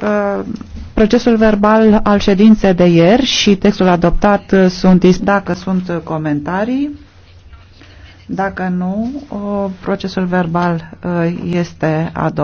Uh, procesul verbal al ședinței de ieri și textul adoptat uh, sunt, dacă sunt comentarii, dacă nu, uh, procesul verbal este adoptat.